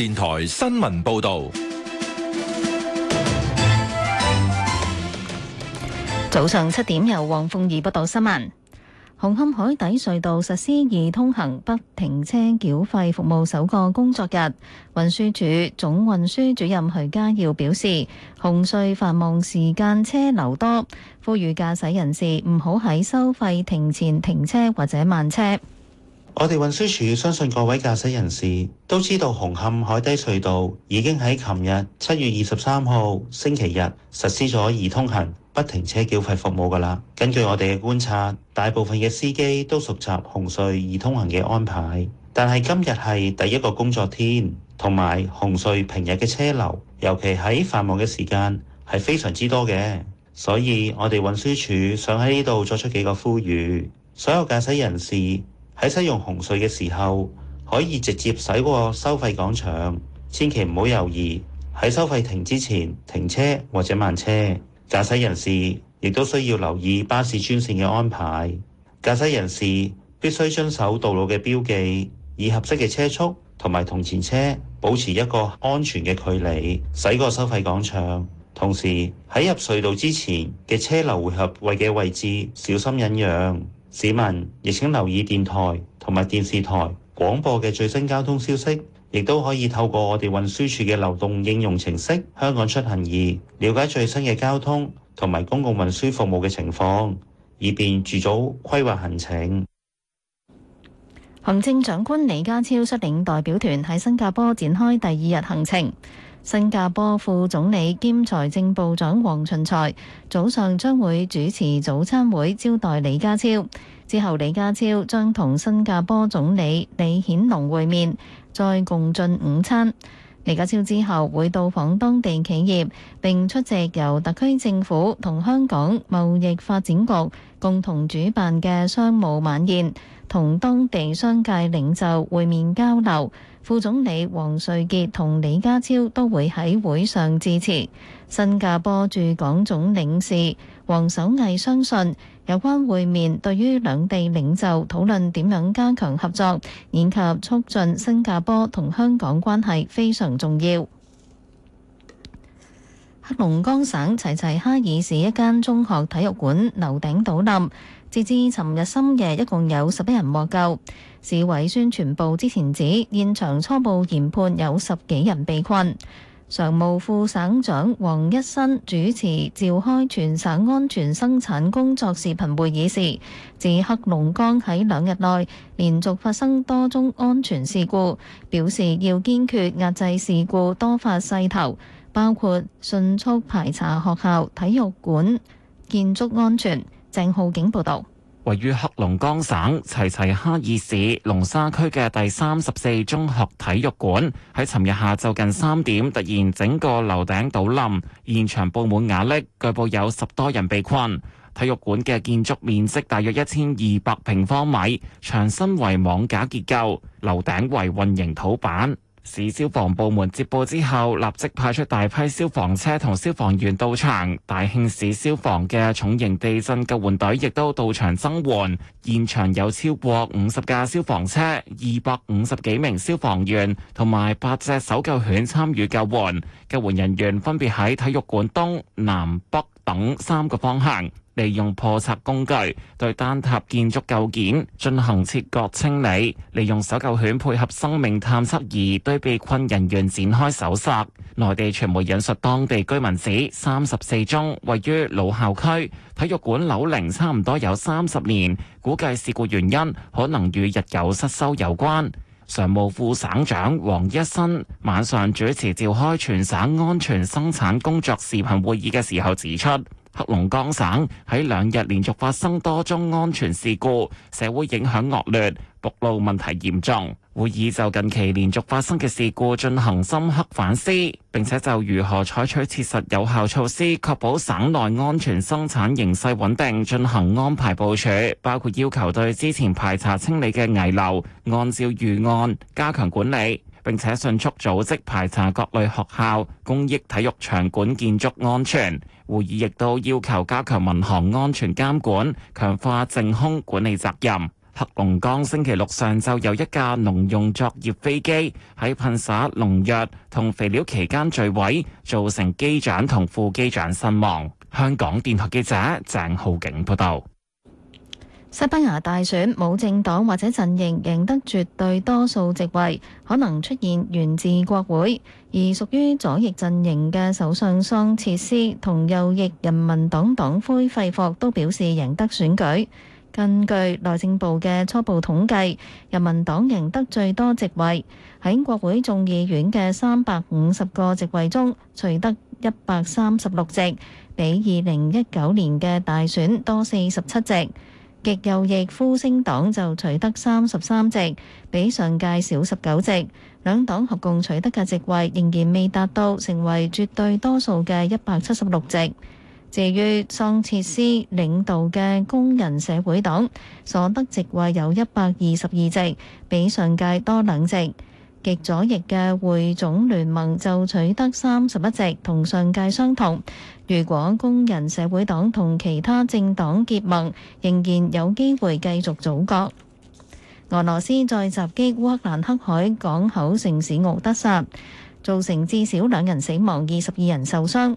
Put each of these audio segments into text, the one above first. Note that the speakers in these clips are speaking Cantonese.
電台新聞報道：早上七點由黃鳳儀報道新聞。紅磡海底隧道實施易通行不停車繳費服務首個工作日，運輸署總運輸主任徐家耀表示，紅隧繁忙時間車流多，呼籲駕駛人士唔好喺收費亭前停車或者慢車。我哋運輸署相信各位駕駛人士都知道，紅磡海底隧道已經喺琴日七月二十三號星期日實施咗易通行不停車繳費服務噶啦。根據我哋嘅觀察，大部分嘅司機都熟習紅隧易通行嘅安排，但係今日係第一個工作天，同埋紅隧平日嘅車流，尤其喺繁忙嘅時間係非常之多嘅，所以我哋運輸署想喺呢度作出幾個呼籲，所有駕駛人士。喺使用紅隧嘅時候，可以直接駛過收費廣場，千祈唔好猶豫，喺收費亭之前停車或者慢車。駕駛人士亦都需要留意巴士專線嘅安排。駕駛人士必須遵守道路嘅標記，以合適嘅車速同埋同前車保持一個安全嘅距離，駛過收費廣場。同時喺入隧道之前嘅車流匯合位嘅位置，小心忍讓。市民亦請留意電台同埋電視台廣播嘅最新交通消息，亦都可以透過我哋運輸署嘅流動應用程式《香港出行易》了解最新嘅交通同埋公共運輸服務嘅情況，以便預早規劃行程。行政長官李家超率領代表團喺新加坡展開第二日行程。新加坡副總理兼財政部長王瑞杰早上將會主持早餐會招待李家超，之後李家超將同新加坡總理李顯龍會面，再共進午餐。李家超之後會到訪當地企業，並出席由特區政府同香港貿易發展局共同主辦嘅商務晚宴，同當地商界領袖會面交流。副總理王瑞杰同李家超都會喺會上致辭。新加坡駐港總領事王守毅相信，有關會面對於兩地領袖討論點樣加強合作，以及促進新加坡同香港關係非常重要。黑龍江省齊齊哈爾市一間中學體育館樓頂倒冧，截至尋日深夜，一共有十一人獲救。市委宣傳部之前指，現場初步研判有十幾人被困。常務副省長王一新主持召開全省安全生產工作視頻會議時，指黑龍江喺兩日內連續發生多宗安全事故，表示要堅決壓制事故多發勢頭，包括迅速排查學校、體育館、建築安全。鄭浩景報道。位於黑龍江省齊齊哈爾市龍沙區嘅第三十四中學體育館，喺尋日下晝近三點突然整個樓頂倒冧，現場布滿瓦礫，據報有十多人被困。體育館嘅建築面積大約一千二百平方米，牆身為網架結構，樓頂為混凝土板。市消防部門接報之後，立即派出大批消防車同消防員到場。大慶市消防嘅重型地震救援隊亦都到場增援。現場有超過五十架消防車、二百五十幾名消防員同埋八隻搜救犬參與救援。救援人員分別喺體育館東南北等三個方向，利用破拆工具對單塔建築構件進行切割清理，利用搜救犬配合生命探測儀對被困人員展開搜查。內地傳媒引述當地居民指，三十四宗位於老校區體育館樓齡差唔多有三十年，估計事故原因可能與日久失修有關。常務副省長黃一新晚上主持召開全省安全生產工作視頻會議嘅時候指出。黑龍江省喺兩日連續發生多宗安全事故，社會影響惡劣，暴露問題嚴重。會議就近期連續發生嘅事故進行深刻反思，並且就如何採取切實有效措施，確保省內安全生產形勢穩定進行安排部署，包括要求對之前排查清理嘅危樓，按照預案加強管理。並且迅速組織排查各類學校、公益體育場館建築安全。會議亦都要求加強民航安全監管，強化淨空管理責任。黑龍江星期六上晝有一架農用作業飛機喺噴灑農藥同肥料期間墜毀，造成機長同副機長身亡。香港電台記者鄭浩景報道。西班牙大選冇政黨或者陣營贏得絕對多數席位，可能出現源自國會。而屬於左翼陣營嘅首相桑切斯同右翼人民黨黨魁費霍都表示贏得選舉。根據內政部嘅初步統計，人民黨贏得最多席位，喺國會眾議院嘅三百五十個席位中，取得一百三十六席，比二零一九年嘅大選多四十七席。極右翼呼聲黨就取得三十三席，比上屆少十九席。兩黨合共取得嘅席位仍然未達到成為絕對多數嘅一百七十六席。至於桑切斯領導嘅工人社會黨，所得席位有一百二十二席，比上屆多兩席。極左翼嘅匯總聯盟就取得三十一席，同上屆相同。如果工人社會黨同其他政黨結盟，仍然有機會繼續組閣。俄羅斯再襲擊烏克蘭黑海港口城市敖德薩，造成至少兩人死亡，二十二人受傷。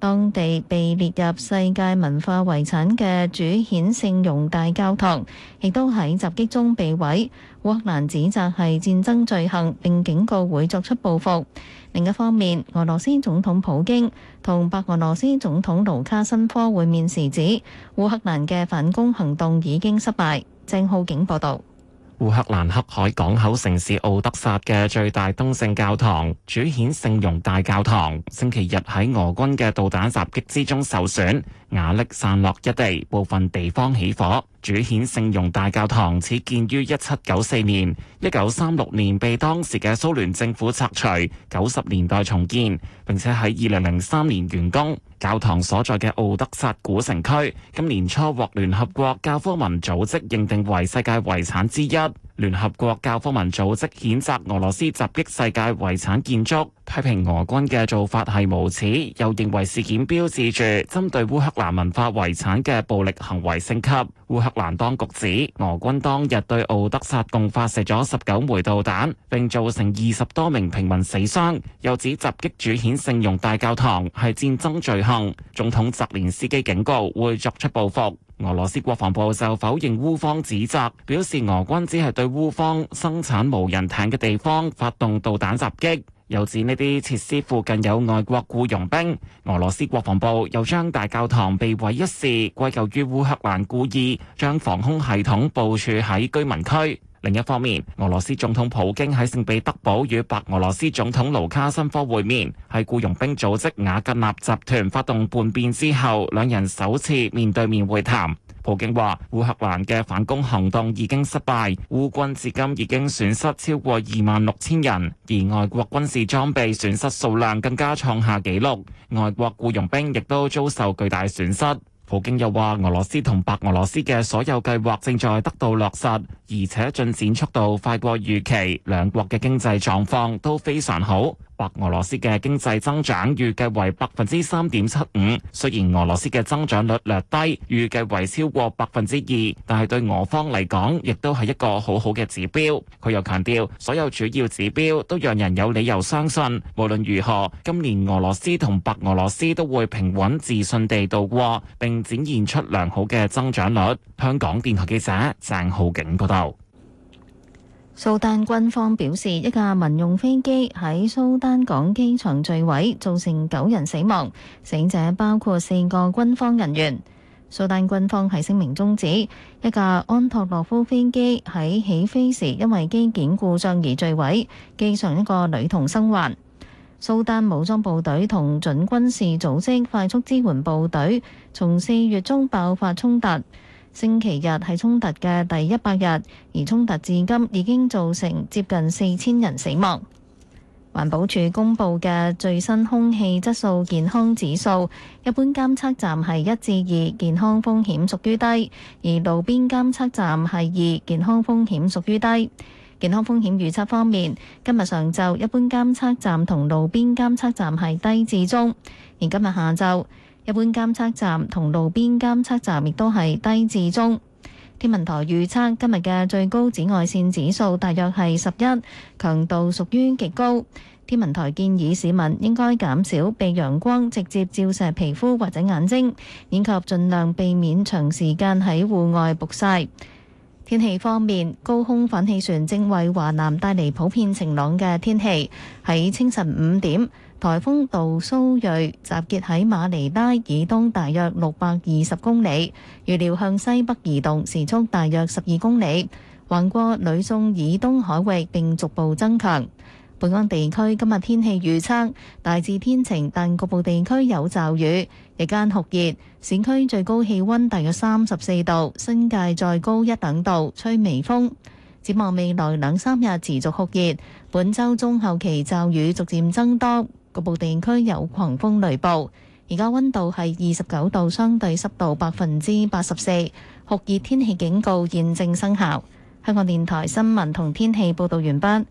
當地被列入世界文化遺產嘅主顯聖容大教堂亦都喺襲擊中被毀。烏克蘭指責係戰爭罪行，並警告會作出報復。另一方面，俄羅斯總統普京同白俄羅斯總統盧卡申科會面時指，烏克蘭嘅反攻行動已經失敗。鄭浩景報道。烏克蘭黑海港口城市敖德薩嘅最大東正教堂主顯聖容大教堂，星期日喺俄軍嘅導彈襲擊之中受損，瓦礫散落一地，部分地方起火。主顯聖容大教堂始建於一七九四年，一九三六年被當時嘅蘇聯政府拆除，九十年代重建，並且喺二零零三年完工。教堂所在嘅奧德薩古城區，今年初獲聯合國教科文組織認定為世界遺產之一。聯合國教科文組織譴責俄羅斯襲擊世界遺產建築，批評俄軍嘅做法係無恥，又認為事件標誌住針對烏克蘭文化遺產嘅暴力行為升級，烏克蘭當局指俄軍當日對奧德薩共發射咗十九枚導彈，並造成二十多名平民死傷，又指襲擊主顯聖容大教堂係戰爭罪行。總統澤連斯基警告會作出報復。俄羅斯國防部就否認烏方指責，表示俄軍只係對烏方生產無人艇嘅地方發動導彈襲擊，又指呢啲設施附近有外國僱傭兵。俄羅斯國防部又將大教堂被毀一事歸咎於烏克蘭故意將防空系統部署喺居民區。另一方面，俄羅斯總統普京喺聖彼得堡與白俄羅斯總統盧卡申科會面，係僱傭兵組織瓦格納集團發動叛變之後，兩人首次面對面會談。普京話：烏克蘭嘅反攻行動已經失敗，烏軍至今已經損失超過二萬六千人，而外國軍事裝備損失數量更加創下紀錄，外國僱傭兵亦都遭受巨大損失。普京又話：俄羅斯同白俄羅斯嘅所有計劃正在得到落實，而且進展速度快過預期，兩國嘅經濟狀況都非常好。白俄羅斯嘅經濟增長預計為百分之三點七五，雖然俄羅斯嘅增長率略低，預計為超過百分之二，但係對俄方嚟講亦都係一個好好嘅指標，佢又強調所有主要指標都讓人有理由相信，無論如何，今年俄羅斯同白俄羅斯都會平穩自信地度過，並展現出良好嘅增長率。香港電台記者鄭浩景報道。蘇丹軍方表示，一架民用飛機喺蘇丹港機場墜毀，造成九人死亡，死者包括四個軍方人員。蘇丹軍方喺聲明中指，一架安托洛夫飛機喺起飛時因為機件故障而墜毀，機上一個女童生還。蘇丹武裝部隊同準軍事組織快速支援部隊從四月中爆發衝突。星期日係衝突嘅第一百日，而衝突至今已經造成接近四千人死亡。環保署公布嘅最新空氣質素健康指數，一般監測站係一至二，健康風險屬於低；而路邊監測站係二，健康風險屬於低。健康風險預測方面，今日上晝一般監測站同路邊監測站係低至中，而今日下晝。一般監測站同路邊監測站亦都係低至中。天文台預測今日嘅最高紫外線指數大約係十一，強度屬於極高。天文台建議市民應該減少被陽光直接照射皮膚或者眼睛，以及盡量避免長時間喺戶外曝曬。天氣方面，高空反氣旋正為華南帶嚟普遍晴朗嘅天氣，喺清晨五點。颱風杜蘇瑞集結喺馬尼拉以東大約六百二十公里，預料向西北移動，時速大約十二公里，橫過呂宋以東海域並逐步增強。本港地區今日天氣預測大致天晴，但局部地區有驟雨，日間酷熱，市區最高氣溫大約三十四度，新界再高一等度，吹微風。展望未來兩三日持續酷熱，本周中後期驟雨逐漸增多。局部地區有狂風雷暴，而家溫度係二十九度，相對濕度百分之八十四，酷熱天氣警告現正生效。香港電台新聞同天氣報導完畢。